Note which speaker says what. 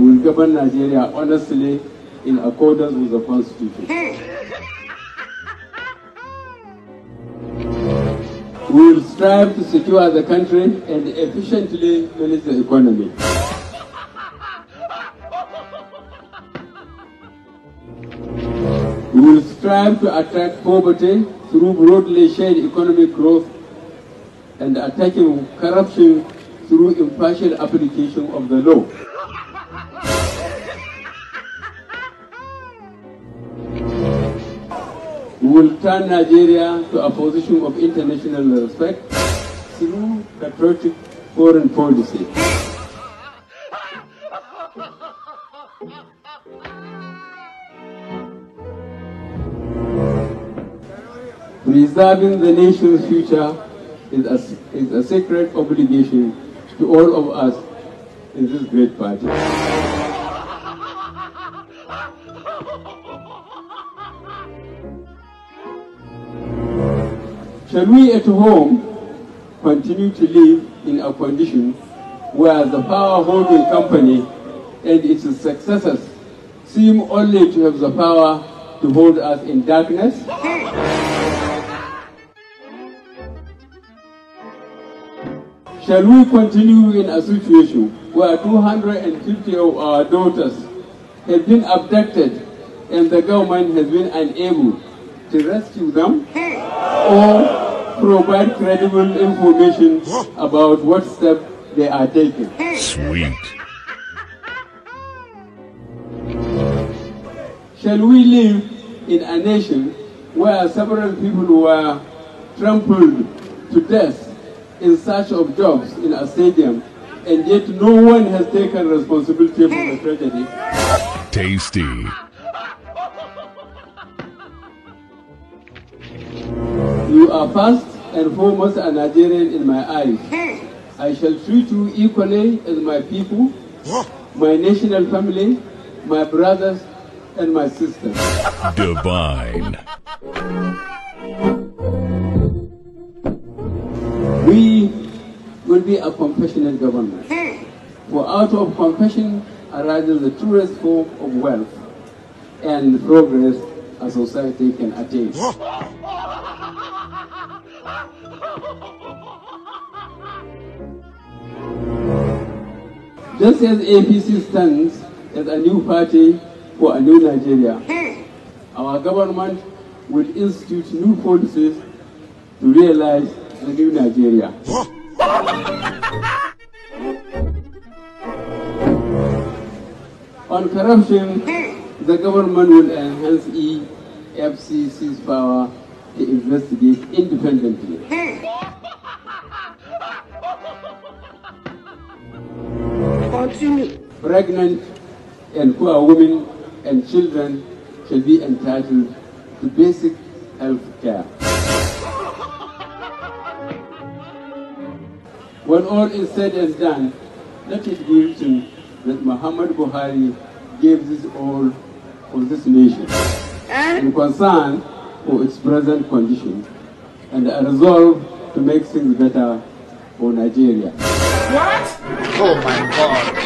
Speaker 1: We will govern Nigeria honestly in accordance with the Constitution. we will strive to secure the country and efficiently manage the economy. We will strive to attack poverty through broadly shared economic growth and attacking corruption through impartial application of the law. will turn Nigeria to a position of international respect through patriotic foreign policy. Preserving the nation's future is a, is a sacred obligation to all of us in this great party. Shall we at home continue to live in a condition where the power holding company and its successors seem only to have the power to hold us in darkness? Shall we continue in a situation where 250 of our daughters have been abducted and the government has been unable to rescue them? or provide credible information about what steps they are taking. Sweet. Shall we live in a nation where several people were trampled to death in search of jobs in a stadium, and yet no one has taken responsibility for the tragedy. Tasty. You are first and foremost a Nigerian in my eyes. Hmm. I shall treat you equally as my people, my national family, my brothers, and my sisters. Divine. We will be a compassionate government. Hmm. For out of compassion arises the truest form of wealth and progress a society can attain. Just as APC stands as a new party for a new Nigeria, hmm. our government will institute new policies to realize the new Nigeria. On corruption, hmm. the government will enhance EFCC's power to investigate independently. Continue. Pregnant and poor women and children shall be entitled to basic health care. when all is said and done, let it be written that Muhammad Buhari gave this all for this nation. And in concern, for its present condition, and I resolve to make things better for Nigeria. What? Oh my God.